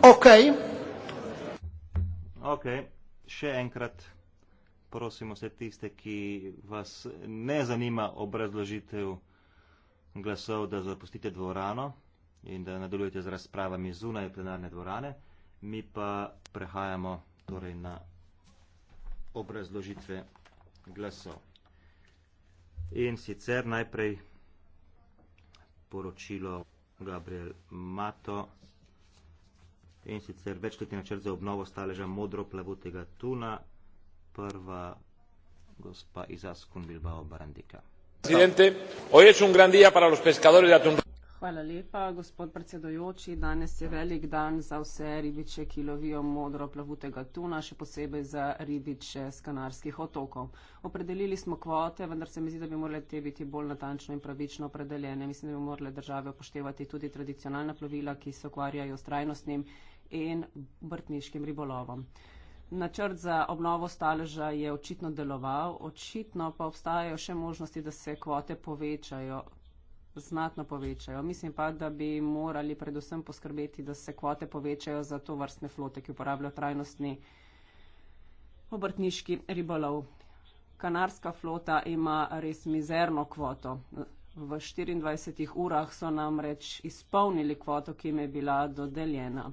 Ok. Ok, še enkrat prosimo vse tiste, ki vas ne zanima obrazložitev glasov, da zapustite dvorano in da nadaljujete z razpravami zunaj plenarne dvorane. Mi pa prehajamo torej na obrazložitve glasov. In sicer najprej poročilo Gabriel Mato in sicer večletni načrt za obnovo staleža modro plavutega tuna, prva gospa iz Askun Bilbao Barandika. Presidente, hoy es un gran día para los pescadores de atún Hvala lepa, gospod predsedojoči. Danes je velik dan za vse ribiče, ki lovijo modro plavutega tuna, še posebej za ribiče z kanarskih otokov. Opredelili smo kvote, vendar se mi zdi, da bi morale te biti bolj natančno in pravično opredeljene. Mislim, da bi morale države upoštevati tudi tradicionalna plovila, ki se okvarjajo s trajnostnim in brtniškim ribolovom. Načrt za obnovo staleža je očitno deloval, očitno pa obstajajo še možnosti, da se kvote povečajo, znatno povečajo. Mislim pa, da bi morali predvsem poskrbeti, da se kvote povečajo za to vrstne flote, ki uporabljajo trajnostni obrtniški ribolov. Kanarska flota ima res mizerno kvoto. V 24 urah so namreč izpolnili kvoto, ki jim je bila dodeljena.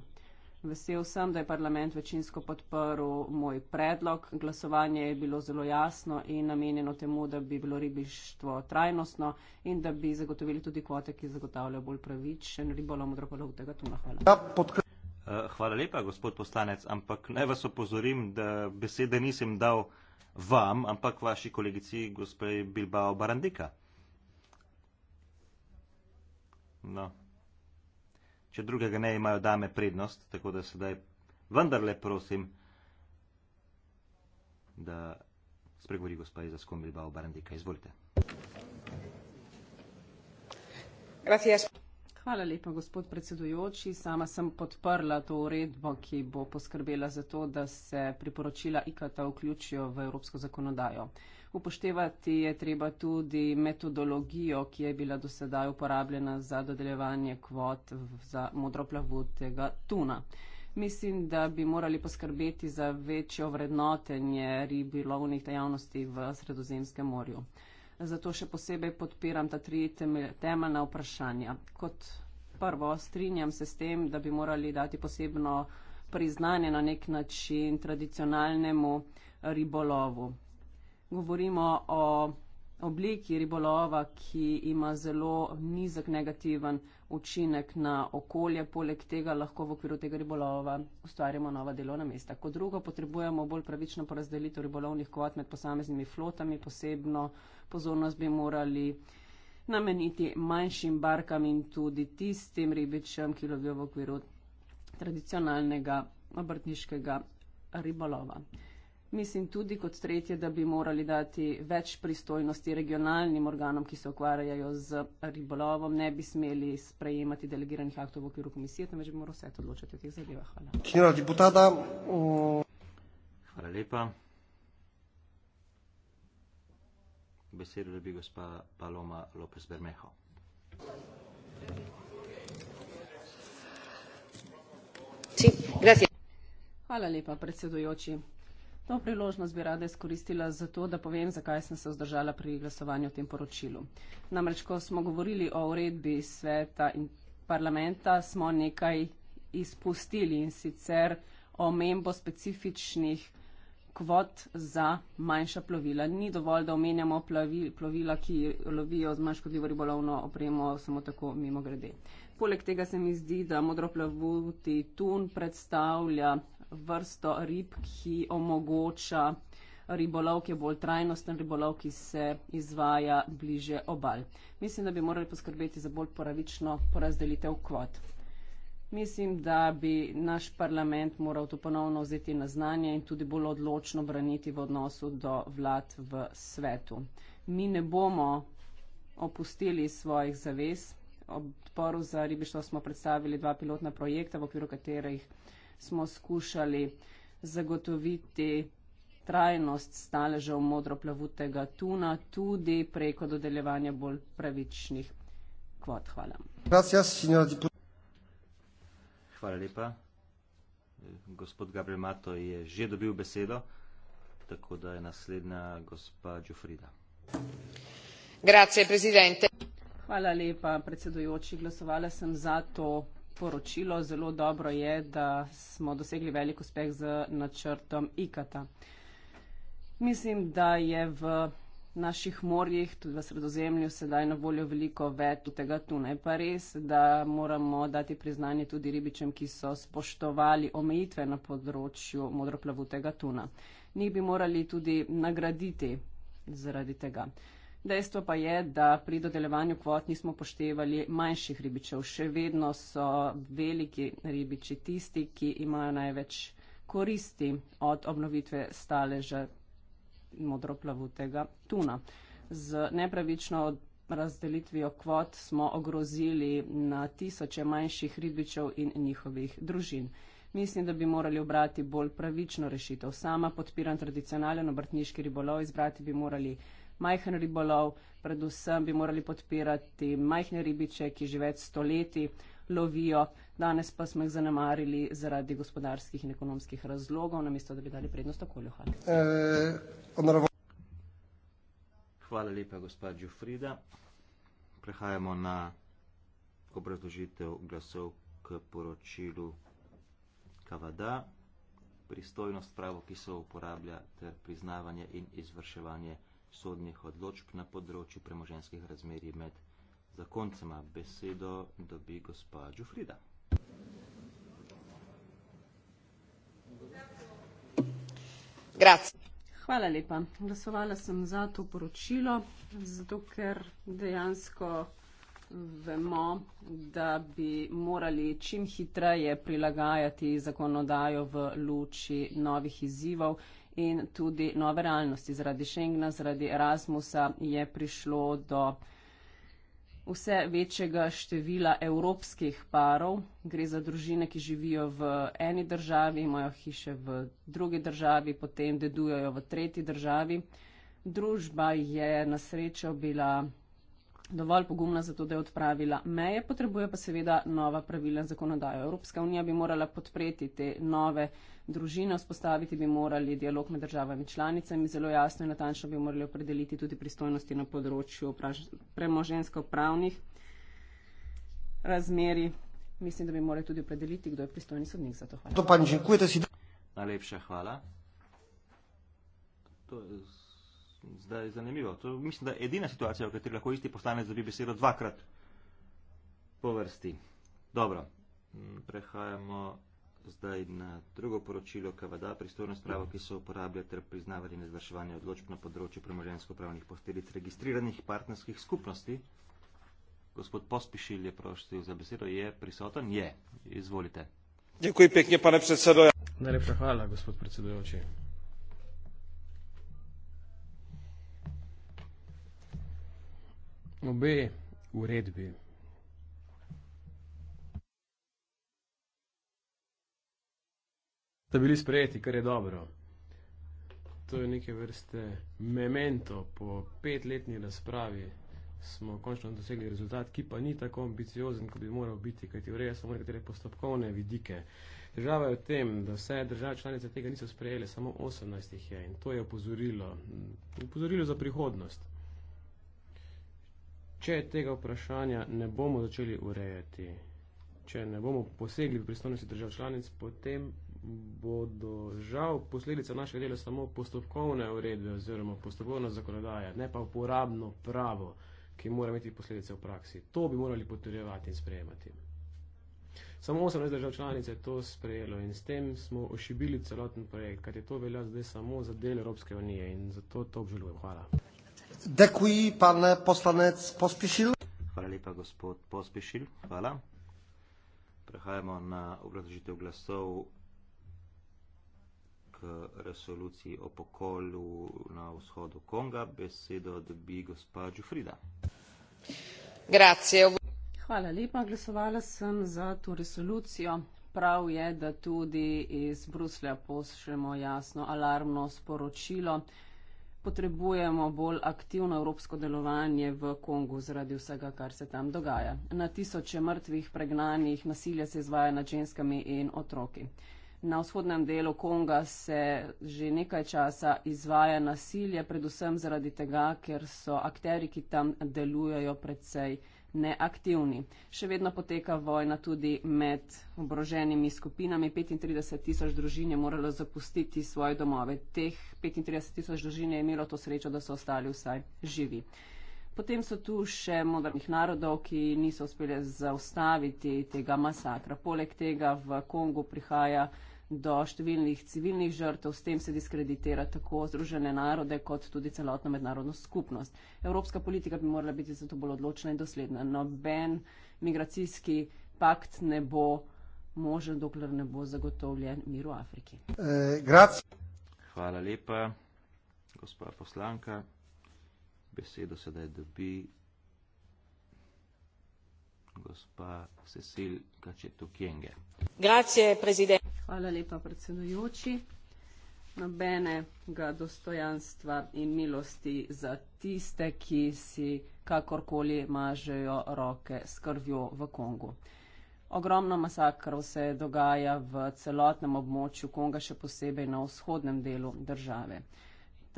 Vesel sem, da je parlament večinsko podprl moj predlog. Glasovanje je bilo zelo jasno in namenjeno temu, da bi bilo ribištvo trajnostno in da bi zagotovili tudi kvote, ki zagotavljajo bolj pravičen ribolov modropolov tega tuna. Hvala. Ja, eh, hvala lepa, gospod poslanec, ampak naj vas opozorim, da besede nisem dal vam, ampak vaši kolegici, gospod Bilbao Barandika. No če drugega ne imajo dame prednost, tako da sedaj vendarle prosim, da spregovori gospa iz Askom Bilbao Barandika. Izvolite. Gracias. Hvala lepa, gospod predsedujoči. Sama sem podprla to uredbo, ki bo poskrbela za to, da se priporočila IKT vključijo v evropsko zakonodajo. Upoštevati je treba tudi metodologijo, ki je bila dosedaj uporabljena za dodeljevanje kvot za modroplavutega tuna. Mislim, da bi morali poskrbeti za večjo vrednotenje ribilovnih dejavnosti v Sredozemskem morju. Zato še posebej podpiram ta tri temeljna vprašanja. Kot prvo, strinjam se s tem, da bi morali dati posebno priznanje na nek način tradicionalnemu ribolovu govorimo o obliki ribolova, ki ima zelo nizek negativen učinek na okolje. Poleg tega lahko v okviru tega ribolova ustvarjamo nova delovna mesta. Kot drugo, potrebujemo bolj pravično porazdelitev ribolovnih kvot med posameznimi flotami. Posebno pozornost bi morali nameniti manjšim barkam in tudi tistim ribičem, ki lovijo v okviru tradicionalnega obrtniškega ribolova. Mislim tudi kot tretje, da bi morali dati več pristojnosti regionalnim organom, ki se ukvarjajo z ribolovom, ne bi smeli sprejemati delegiranih aktov v okviru komisije, temveč bi moralo vse to odločati o teh zadevah. Hvala. Hvala lepa. Besedo dobi gospa Paloma Lopez Bermeho. Hvala lepa, predsedujoči. To priložnost bi rada izkoristila za to, da povem, zakaj sem se vzdržala pri glasovanju o tem poročilu. Namreč, ko smo govorili o uredbi sveta in parlamenta, smo nekaj izpustili in sicer omembo specifičnih kvot za manjša plovila. Ni dovolj, da omenjamo plovila, ki lovijo z manjškodljivo ribolovno opremo samo tako mimo grede. Poleg tega se mi zdi, da modroplavuti tun predstavlja vrsto rib, ki omogoča ribolov, ki je bolj trajnosten ribolov, ki se izvaja bliže obal. Mislim, da bi morali poskrbeti za bolj poravično porazdelitev kvot. Mislim, da bi naš parlament moral to ponovno vzeti na znanje in tudi bolj odločno braniti v odnosu do vlad v svetu. Mi ne bomo opustili svojih zavez. Odporu za ribištvo smo predstavili dva pilotna projekta, v okviru katerih smo skušali zagotoviti trajnost staležev modroplavutega tuna tudi preko dodeljevanja bolj pravičnih kvot. Hvala. Hvala lepa. Gospod Gabriel Mato je že dobil besedo, tako da je naslednja gospa Džufrida. Hvala lepa, predsedujoči. Glasovala sem za to poročilo. Zelo dobro je, da smo dosegli velik uspeh z načrtom IKATA. Mislim, da je v naših morjih, tudi v sredozemlju, sedaj na voljo veliko več od tega tuna. Pa res, da moramo dati priznanje tudi ribičem, ki so spoštovali omejitve na področju modroplavutega tuna. Njih bi morali tudi nagraditi zaradi tega. Dejstvo pa je, da pri dodelevanju kvot nismo poštevali manjših ribičev. Še vedno so veliki ribiči tisti, ki imajo največ koristi od obnovitve staleža modroplavutega tuna. Z nepravično razdelitvijo kvot smo ogrozili na tisoče manjših ribičev in njihovih družin. Mislim, da bi morali obrati bolj pravično rešitev. Sama podpiram tradicionalen obrtniški ribolov, izbrati bi morali majhen ribolov, predvsem bi morali podpirati majhne ribiče, ki že več stoletij lovijo, danes pa smo jih zanemarili zaradi gospodarskih in ekonomskih razlogov, namesto da bi dali prednost okolju. Hvala. Eh, Hvala lepa, gospod Džufrida. Prehajamo na obrazložitev glasov k poročilu Kavada, pristojnost pravo, ki se uporablja ter priznavanje in izvrševanje sodnih odločb na področju premoženskih razmerij med zakoncema. Besedo dobi gospa Džufrida. Grazie. Hvala lepa. Glasovala sem za to poročilo, zato ker dejansko vemo, da bi morali čim hitreje prilagajati zakonodajo v luči novih izzivov in tudi nove realnosti. Zaradi Schengna, zaradi Erasmusa je prišlo do vse večjega števila evropskih parov. Gre za družine, ki živijo v eni državi, imajo hiše v drugi državi, potem dedujejo v tretji državi. Družba je na srečo bila dovolj pogumna za to, da je odpravila meje, potrebuje pa seveda nova pravila zakonodajo. Evropska unija bi morala podpreti te nove družine, vzpostaviti bi morali dialog med državami članicami, zelo jasno in natančno bi morali opredeliti tudi pristojnosti na področju premožensko-pravnih razmeri. Mislim, da bi morali tudi opredeliti, kdo je pristojni sodnik za to. Hvala. To pa ne žinkujete si. Najlepša hvala. To je. Zdaj je zanimivo. To, mislim, da je edina situacija, v kateri lahko isti poslanec dobi besedo dvakrat po vrsti. Dobro, mm, prehajamo zdaj na drugo poročilo KVD, pristojno spravo, ki se uporablja ter priznavali nezvrševanje odločb na področju premoženjsko-pravnih posledic registriranih partnerskih skupnosti. Gospod Pospišil je prosil za besedo, je prisoten? Je. Izvolite. Dziękuję pięknie, panie przewodniczący. Najlepsza hala, gospod przewodniczący. obe uredbi. Da bili sprejeti, kar je dobro. To je neke vrste memento. Po petletni razpravi smo končno dosegli rezultat, ki pa ni tako ambiciozen, kot bi moral biti, kajti ureja samo nekatere postopkovne vidike. Država je v tem, da vse države članice tega niso sprejeli, samo 18 jih je in to je opozorilo. Upozorilo za prihodnost. Če tega vprašanja ne bomo začeli urejati, če ne bomo posegli v pristojnosti držav članic, potem bodo žal posledica našega dela samo postopkovne urede oziroma postopkovna zakonodaja, ne pa uporabno pravo, ki mora imeti posledice v praksi. To bi morali potrjevati in sprejemati. Samo 18 držav članic je to sprejelo in s tem smo ošibili celoten projekt, kajti to velja zdaj samo za del Evropske unije in zato to obžalujem. Hvala. Děkuji, pane poslanec Pospišil. Hvala lepa, gospod Pospišil. Hvala. Prehajamo na obrazložitev glasov k resoluciji o pokolju na vzhodu Konga. Besedo dobi gospa Džufrida. Grazie. Hvala lepa, glasovala sem za to resolucijo. Prav je, da tudi iz Bruslja pošljemo jasno alarmno sporočilo, potrebujemo bolj aktivno evropsko delovanje v Kongu zaradi vsega, kar se tam dogaja. Na tisoče mrtvih, pregnanih, nasilje se izvaja nad ženskami in otroki. Na vzhodnem delu Konga se že nekaj časa izvaja nasilje, predvsem zaradi tega, ker so akteri, ki tam delujejo, predvsej neaktivni. Še vedno poteka vojna tudi med obroženimi skupinami. 35 tisoč družin je moralo zapustiti svoje domove. Teh 35 tisoč družin je imelo to srečo, da so ostali vsaj živi. Potem so tu še modernih narodov, ki niso uspeli zaustaviti tega masakra. Poleg tega v Kongu prihaja do številnih civilnih žrtev, s tem se diskreditira tako Združene narode kot tudi celotno mednarodno skupnost. Evropska politika bi morala biti zato bolj odločna in dosledna. Noben migracijski pakt ne bo možen, dokler ne bo zagotovljen mir v Afriki. E, Hvala lepa, gospa poslanka. Besedo sedaj dobi hvala lepa predsedujoči nobenega dostojanstva in milosti za tiste ki si kakorkoli mažejo roke s krvjo v kongu ogromno masakrov se dogaja v celotnem območju konga še posebej na vzhodnem delu države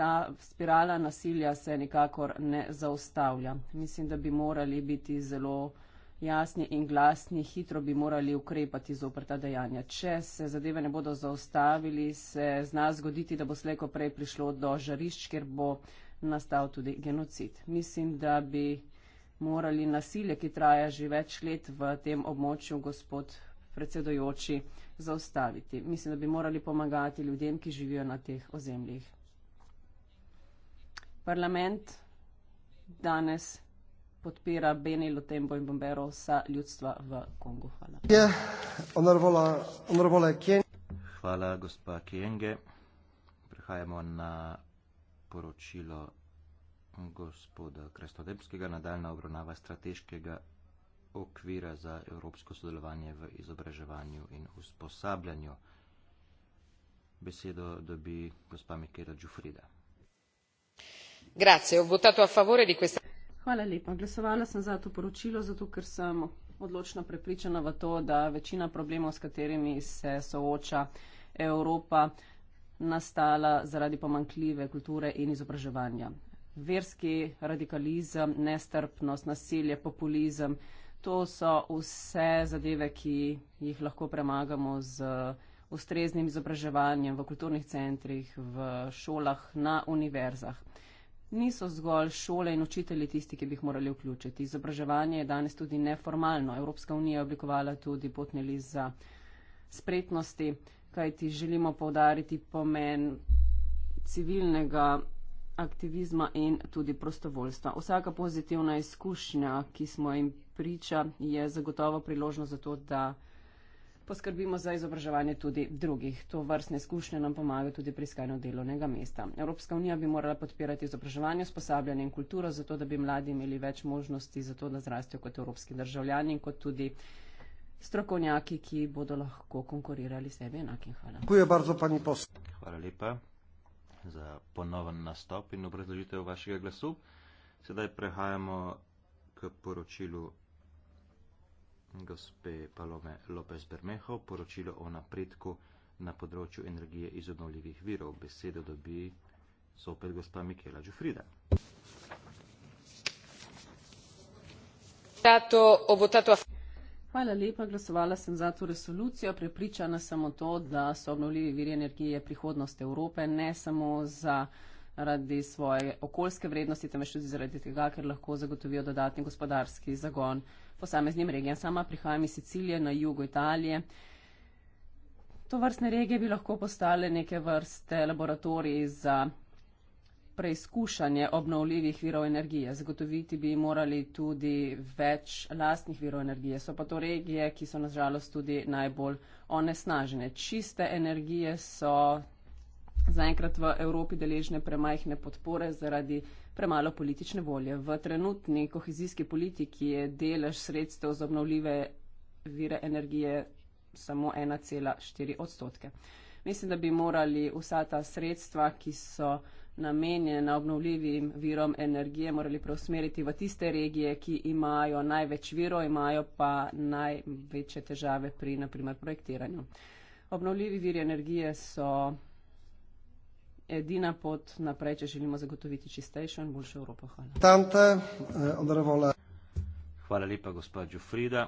ta spirala nasilja se nikakor ne zaustavlja mislim da bi morali biti zelo jasni in glasni, hitro bi morali ukrepati zopr ta dejanja. Če se zadeve ne bodo zaustavili, se zna zgoditi, da bo sleko prej prišlo do žarišč, kjer bo nastal tudi genocid. Mislim, da bi morali nasilje, ki traja že več let v tem območju, gospod predsedojoči, zaustaviti. Mislim, da bi morali pomagati ljudem, ki živijo na teh ozemljih. Parlament danes podpira Beni Lutembo in Bombero vsa ljudstva v Kongu. Hvala. Je, onorvola, onorvola Hvala, gospa Kienge. Prehajamo na poročilo gospoda Krestodemskega, nadaljna obravnava strateškega okvira za evropsko sodelovanje v izobraževanju in usposabljanju. Besedo dobi gospa Mikela Džufrida. Grazie, ho votato a favore di questa. Hvala lepa. Glasovala sem za to poročilo, zato ker sem odločno prepričana v to, da večina problemov, s katerimi se sooča Evropa, nastala zaradi pomankljive kulture in izobraževanja. Verski radikalizem, nestrpnost, nasilje, populizem, to so vse zadeve, ki jih lahko premagamo z ustreznim izobraževanjem v kulturnih centrih, v šolah, na univerzah niso zgolj šole in učitelji tisti, ki bi jih morali vključiti. Izobraževanje je danes tudi neformalno. Evropska unija je oblikovala tudi potni list za spretnosti, kajti želimo povdariti pomen civilnega aktivizma in tudi prostovoljstva. Vsaka pozitivna izkušnja, ki smo jim priča, je zagotovo priložnost za to, da poskrbimo za izobraževanje tudi drugih. To vrstne izkušnje nam pomagajo tudi pri iskanju delovnega mesta. Evropska unija bi morala podpirati izobraževanje, sposabljanje in kulturo, zato da bi mladi imeli več možnosti za to, da zrastijo kot evropski državljani in kot tudi strokovnjaki, ki bodo lahko konkurirali sebi enakim. Hvala. Hvala lepa za ponoven nastop in obrazložitev vašega glasu. Sedaj prehajamo k poročilu gospe Palome Lopez Bermeho poročilo o napredku na področju energije iz obnovljivih virov. Besedo dobi zopet gospa Mikela Džufrida. Hvala lepa, glasovala sem za to resolucijo. Prepričana sem o to, da so obnovljivi viri energije prihodnost Evrope, ne samo za zaradi svoje okoljske vrednosti, temveč tudi zaradi tega, ker lahko zagotovijo dodatni gospodarski zagon posameznim regijam. Sama prihajam iz Sicilije na jugu Italije. To vrstne regije bi lahko postale neke vrste laboratoriji za preizkušanje obnovljivih virov energije. Zagotoviti bi morali tudi več lastnih virov energije. So pa to regije, ki so nažalost tudi najbolj onesnažene. Čiste energije so zaenkrat v Evropi deležne premajhne podpore zaradi premalo politične volje. V trenutni kohezijski politiki je delež sredstev za obnovljive vire energije samo 1,4 odstotke. Mislim, da bi morali vsa ta sredstva, ki so namenjena obnovljivim virom energije, morali preusmeriti v tiste regije, ki imajo največ viro, imajo pa največje težave pri, naprimer, projektiranju. Obnovljivi viri energije so edina pot naprej, če želimo zagotoviti čistejšo in boljšo Evropo. Hvala. Tante, eh, Hvala lepa, gospod Džufrida.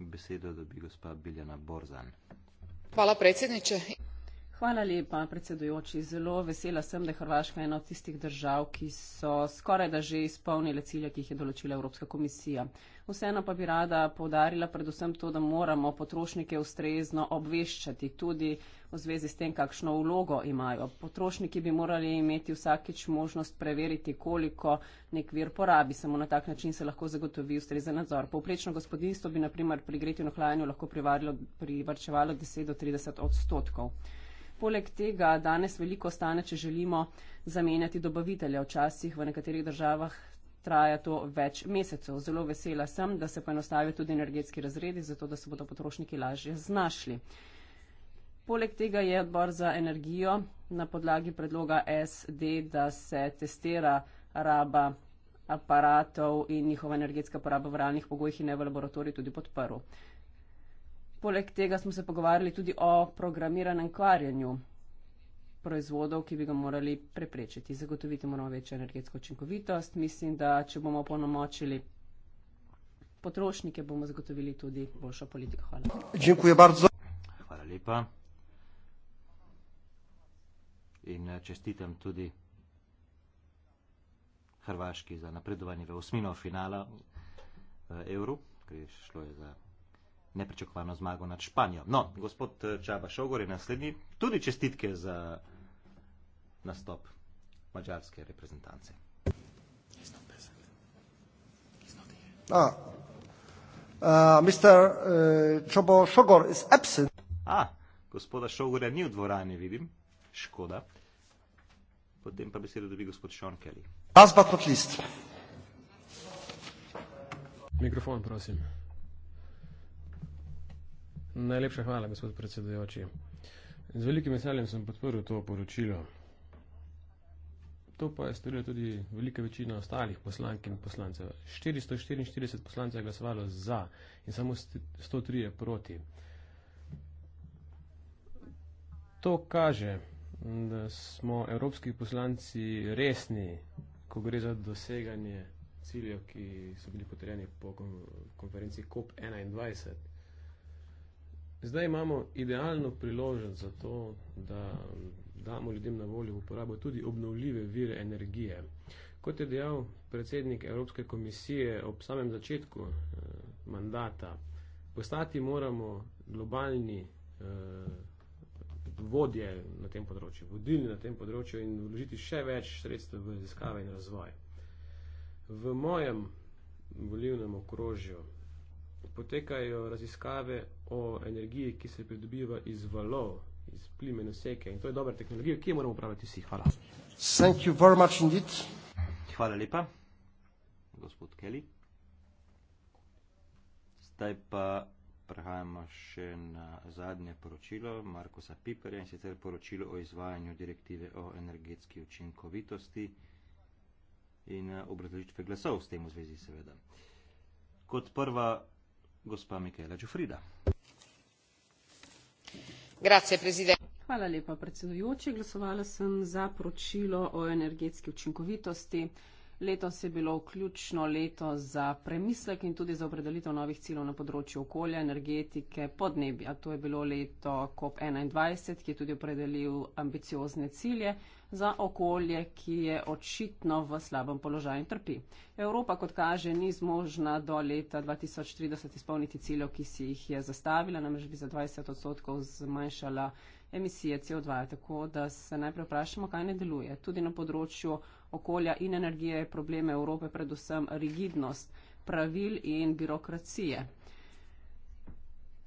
Besedo dobi gospa Biljana Borzan. Hvala predsjedniče. Hvala lepa, predsedujoči. Zelo vesela sem, da je Hrvaška ena od tistih držav, ki so skoraj da že izpolnile cilje, ki jih je določila Evropska komisija. Vseeno pa bi rada povdarila predvsem to, da moramo potrošnike ustrezno obveščati tudi v zvezi s tem, kakšno vlogo imajo. Potrošniki bi morali imeti vsakič možnost preveriti, koliko nek vir porabi. Samo na tak način se lahko zagotovi ustrezen nadzor. Povprečno gospodinstvo bi naprimer pri gretju in ohlajanju lahko privarčevalo 10 do 30 odstotkov poleg tega danes veliko stane, če želimo zamenjati dobavitelja. Včasih v nekaterih državah traja to več mesecev. Zelo vesela sem, da se poenostavijo tudi energetski razredi, zato da se bodo potrošniki lažje znašli. Poleg tega je odbor za energijo na podlagi predloga SD, da se testira raba aparatov in njihova energetska poraba v realnih pogojih in ne v laboratoriju tudi podprl. Poleg tega smo se pogovarjali tudi o programiranem kvarjenju proizvodov, ki bi ga morali preprečiti. Zagotoviti moramo večjo energetsko učinkovitost. Mislim, da če bomo ponomočili potrošnike, bomo zagotovili tudi boljšo politiko. Hvala. Hvala lepa. In eh, čestitam tudi Hrvaški za napredovanje v osmino finala Evru, eh, ker je šlo je za nepričakovano zmago nad Španijo. No, gospod eh, Čaba Šogor je naslednji. Tudi čestitke za nastop mađarske reprezentance. Ah. Uh, ah, Mr. Eh, Čobo uh, Šogor is absent. Ah, gospoda Šogore ni v dvorani, vidim. Škoda. Potem pa besedo dobi gospod Sean Kelly. Last but not least. Mikrofon, prosim. Najlepša hvala, gospod predsedujoči. Z velikim veseljem sem podprl to poročilo. To pa je storila tudi velika večina ostalih poslank in poslancev. 444 poslancev je glasovalo za in samo 103 je proti. To kaže, da smo evropski poslanci resni, ko gre za doseganje ciljev, ki so bili potrjeni po konferenci COP21. Zdaj imamo idealno priložnost za to, da damo ljudem na voljo uporabo tudi obnovljive vire energije. Kot je dejal predsednik Evropske komisije ob samem začetku eh, mandata, postati moramo globalni eh, vodje na tem področju, vodilni na tem področju in vložiti še več sredstev v raziskave in razvoj. V mojem volivnem okrožju potekajo raziskave o energiji, ki se pridobiva iz valov, iz plimene seke. In to je dobra tehnologija, ki jo moramo upravljati vsi. Hvala. Thank you very much indeed. Hvala lepa, gospod Kelly. Zdaj pa prehajamo še na zadnje poročilo Markusa Piperja in sicer poročilo o izvajanju direktive o energetski učinkovitosti in obrazložitve glasov s tem v zvezi seveda. Kot prva gospa michela giuffrida. hvala lepa predsedujoči glasovala sem za poročilo o energetski učinkovitosti letos je bilo ključno leto za premislek in tudi za opredelitev novih ciljev na področju okolja energetike podnebja to je bilo leto cop enaindvajset ki je tudi opredelil ambiciozne cilje za okolje, ki je očitno v slabem položaju in trpi. Evropa, kot kaže, ni zmožna do leta 2030 izpolniti ciljev, ki si jih je zastavila, namreč bi za 20 odstotkov zmanjšala emisije CO2. Tako da se najprej vprašamo, kaj ne deluje. Tudi na področju okolja in energije je problem Evrope predvsem rigidnost pravil in birokracije.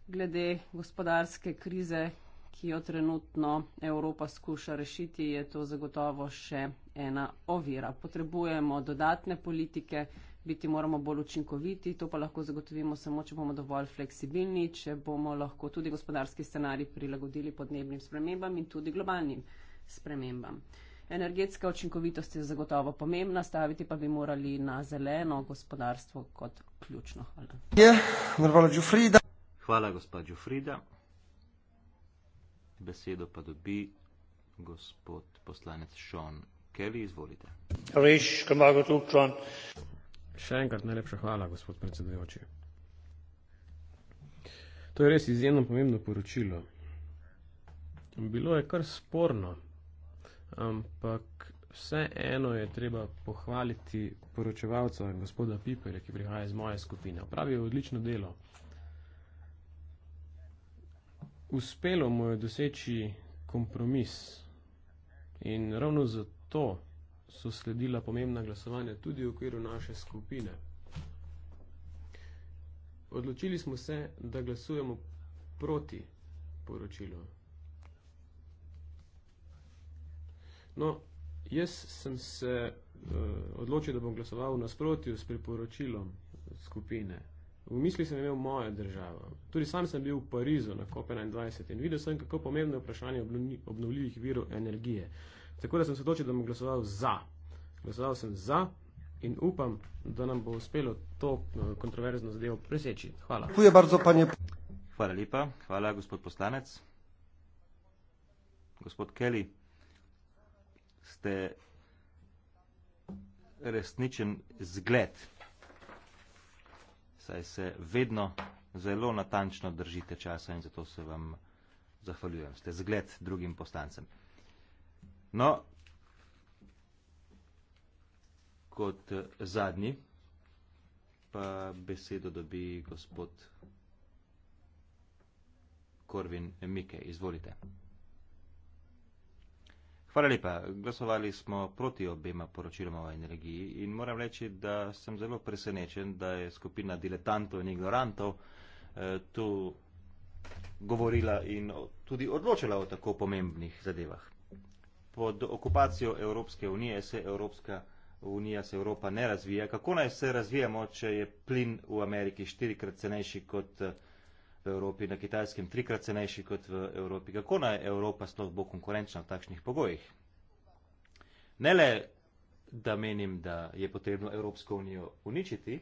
Glede gospodarske krize, ki jo trenutno Evropa skuša rešiti, je to zagotovo še ena ovira. Potrebujemo dodatne politike, biti moramo bolj učinkoviti, to pa lahko zagotovimo samo, če bomo dovolj fleksibilni, če bomo lahko tudi gospodarski scenarij prilagodili podnebnim spremembam in tudi globalnim spremembam. Energetska učinkovitost je zagotovo pomembna, staviti pa bi morali na zeleno gospodarstvo kot ključno. Hvala. Hvala, gospod Džufrida besedo pa dobi gospod poslanec Sean Kelly, izvolite. Še enkrat najlepša hvala, gospod predsedujoči. To je res izjemno pomembno poročilo. Bilo je kar sporno, ampak vse eno je treba pohvaliti poročevalca gospoda Piperja, ki prihaja iz moje skupine. Pravi je odlično delo uspelo mu je doseči kompromis. In ravno zato so sledila pomembna glasovanja tudi v okviru naše skupine. Odločili smo se, da glasujemo proti poročilu. No, jaz sem se uh, odločil, da bom glasoval nasprotju s priporočilom skupine, V mislih sem imel mojo državo. Tudi sam sem bil v Parizu na COP21 in videl sem, kako pomembno je vprašanje obnovljivih virov energije. Tako da sem se odločil, da bom glasoval za. Glasoval sem za in upam, da nam bo uspelo to eh, kontroverzno zadevo preseči. Hvala. Hvala lepa. Hvala, gospod poslanec. Gospod Kelly, ste resničen zgled saj se vedno zelo natančno držite časa in zato se vam zahvaljujem. Ste zgled drugim postancem. No, kot zadnji pa besedo dobi gospod Korvin Mike. Izvolite. Hvala lepa. Glasovali smo proti obema poročiloma o energiji in moram reči, da sem zelo presenečen, da je skupina diletantov in ignorantov eh, tu govorila in tudi odločila o tako pomembnih zadevah. Pod okupacijo Evropske unije se Evropska unija, se Evropa ne razvija. Kako naj se razvijamo, če je plin v Ameriki štirikrat cenejši kot. Eh, v Evropi in na Kitajskem trikrat cenejši kot v Evropi. Kako naj Evropa sploh bo konkurenčna v takšnih pogojih? Ne le, da menim, da je potrebno Evropsko unijo uničiti,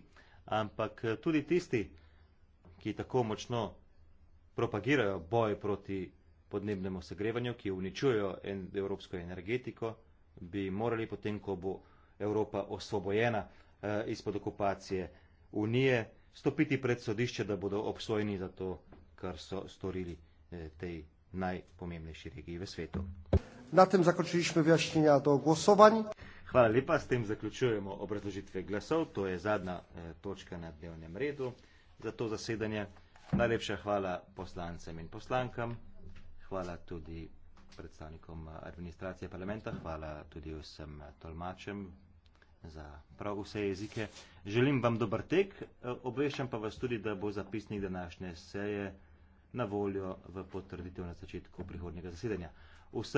ampak tudi tisti, ki tako močno propagirajo boj proti podnebnemu segrevanju, ki uničujejo en, evropsko energetiko, bi morali potem, ko bo Evropa osvobojena eh, izpod okupacije Unije, stopiti pred sodišče, da bodo obsojeni za to, kar so storili eh, tej najpomembnejši regiji v svetu. Na tem zaključujemo vjašnjenja do glasovanj. Hvala lepa, s tem zaključujemo obrazložitve glasov, to je zadnja eh, točka na dnevnem redu za to zasedanje. Najlepša hvala poslancem in poslankam, hvala tudi predstavnikom eh, administracije parlamenta, hvala tudi vsem tolmačem, za prav vse jezike. Želim vam dober tek, e, obveščam pa vas tudi, da bo zapisnik današnje seje na voljo v potrditev na začetku prihodnjega zasedanja. Vsem